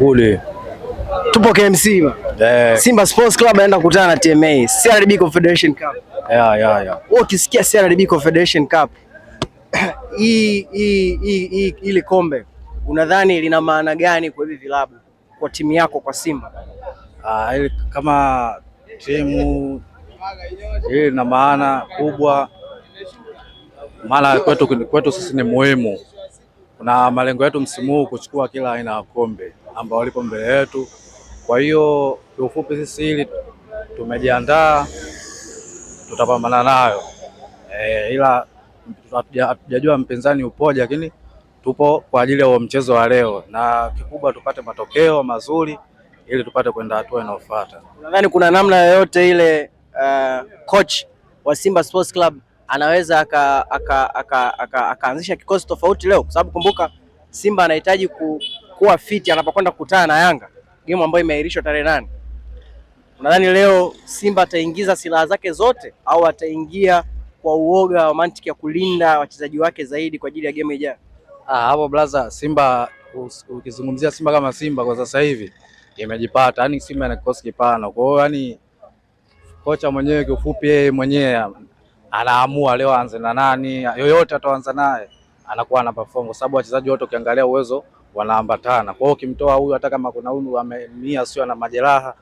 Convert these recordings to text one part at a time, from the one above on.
Ule. Tupo KMC. Yeah. Simba Sports Club anaenda kukutana na TMA. CRDB Confederation Cup. Yeah, yeah, yeah. Wewe ukisikia CRDB Confederation Cup hii hii ile kombe unadhani lina maana gani kwa hivi vilabu kwa timu yako kwa Simba? Ah, ile kama timu ile ina maana kubwa, maana kwetu kwetu sisi ni muhimu kuna malengo yetu msimu huu kuchukua kila aina ya kombe ambao lipo mbele yetu. Kwa hiyo kiufupi, sisi hili tumejiandaa, tutapambana nayo e, ila hatujajua mpinzani upoje, lakini tupo kwa ajili ya huo mchezo wa leo, na kikubwa tupate matokeo mazuri ili tupate kwenda hatua inayofuata. Nadhani kuna namna yoyote ile uh, coach wa Simba Sports Club anaweza akaanzisha aka, aka, aka, aka kikosi tofauti leo, kwa sababu kumbuka Simba anahitaji ku, kuwa fiti anapokwenda kukutana na Yanga, game ambayo imeahirishwa tarehe nane. Nadhani leo Simba ataingiza silaha zake zote au ataingia kwa uoga wa mantiki ya kulinda wachezaji wake zaidi kwa ajili ya game ijayo? Ah, hapo blaza, Simba ukizungumzia Simba kama Simba kwa sasa hivi imejipata, yaani Simba ina kikosi kipana. Kwa hiyo yani kocha mwenyewe kiufupi, yeye mwenyewe anaamua leo aanze na nani, yoyote ataanza naye anakuwa na perform, kwa sababu wachezaji wote ukiangalia uwezo wanaambatana. Kwa hiyo ukimtoa huyu, hata kama kuna huyu ameumia, sio na majeraha,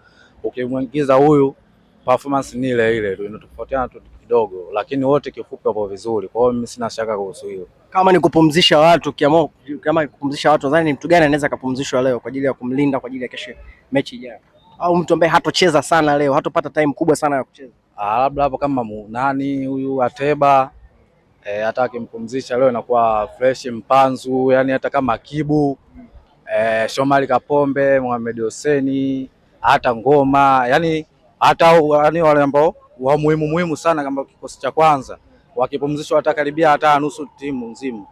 ukimwingiza huyu performance ni ile ile tu, inatofautiana tu kidogo, lakini wote kifupi wapo vizuri. Kwa hiyo mimi sina shaka kuhusu hiyo. Kama ni kupumzisha watu kiamo, kama kupumzisha watu, nadhani ni mtu gani anaweza kupumzishwa leo kwa ajili ya kumlinda kwa ajili ya kesho mechi ijayo, au mtu ambaye hatocheza sana leo, hatopata time kubwa sana ya kucheza Ah, labda hapo kama nani huyu Ateba e, hata akimpumzisha leo inakuwa fresh mpanzu, yani hata kama Kibu e, Shomari Kapombe, Mohamed Hoseni, hata Ngoma, yani hata yani wale ambao wa muhimu muhimu sana kama kikosi cha kwanza wakipumzishwa watakaribia hata nusu timu nzima.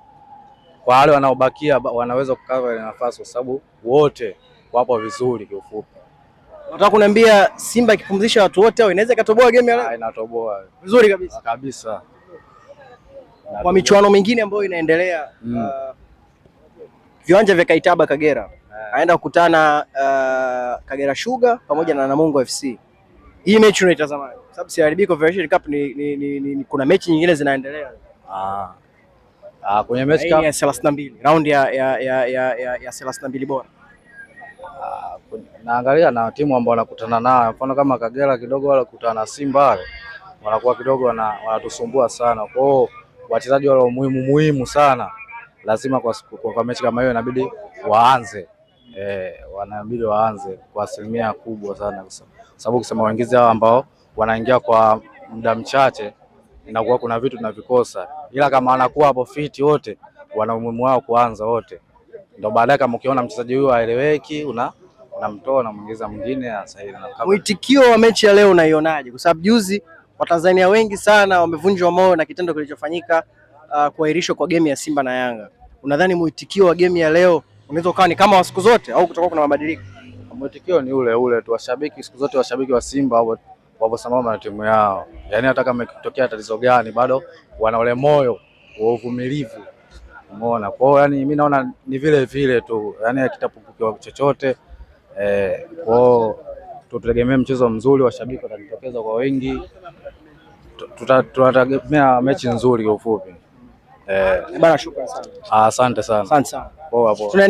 Kwa wale wanaobakia wanaweza kukava ile nafasi, kwa sababu wote wapo vizuri kiufupi. Nataka kuniambia Simba ikipumzisha watu wote au inaweza ikatoboa game leo? Ah, inatoboa. Vizuri kabisa. Ah, kabisa. Kwa michuano mingine ambayo inaendelea mm. uh, viwanja vya Kaitaba Kagera yeah. Aenda kukutana uh, Kagera Sugar pamoja yeah. na eh. Namungo FC. Hii mechi unaitazamaje? Sababu si CRB Confederation Cup ni, ni, ni, ni, ni, kuna mechi nyingine zinaendelea. Ah. Ah, kwenye mechi ya 32, round ya ya ya ya ya 32 bora. Ah, naangalia na timu ambao wanakutana nayo, mfano kama Kagera kidogo wale kutana na Simba wale wanakuwa kidogo wanatusumbua sana. Kwa hiyo wachezaji wale muhimu muhimu sana lazima kwa, kwa, kwa mechi kama hiyo inabidi waanze e, wanabidi waanze kwa asilimia kubwa sana, sababu kusema waingize hao ambao wanaingia kwa muda mchache inakuwa kuna vitu tunavikosa, ila kama anakuwa hapo fiti wote wana umuhimu wao kuanza wote ndio baadaye kama ukiona mchezaji huyu aeleweki una unamtoa namwingiza mwingine Mwitikio wa mechi ya leo unaionaje? Kwa sababu juzi Watanzania wengi sana wamevunjwa moyo na kitendo kilichofanyika uh, kuahirishwa kwa game ya Simba na Yanga. Unadhani mwitikio wa game ya leo unaweza ukawa ni kama wa siku zote au kutakuwa kuna mabadiliko? Mwitikio ni ule ule tu, washabiki siku zote, washabiki wa Simba wapo sambamba na timu yao, yaani hata kama ikitokea tatizo gani bado wana ule moyo wa uvumilivu umeona. Kwa hiyo yani mimi naona ni vile vile tu, Yaani hakitapungukiwa chochote eh. Kwa hiyo tutegemee mchezo mzuri, washabiki watajitokeza kwa wingi, tutategemea mechi nzuri kwa ufupi. Eh, bana, shukrani sana. Ah, asante sana. Asante sana. Poa poa.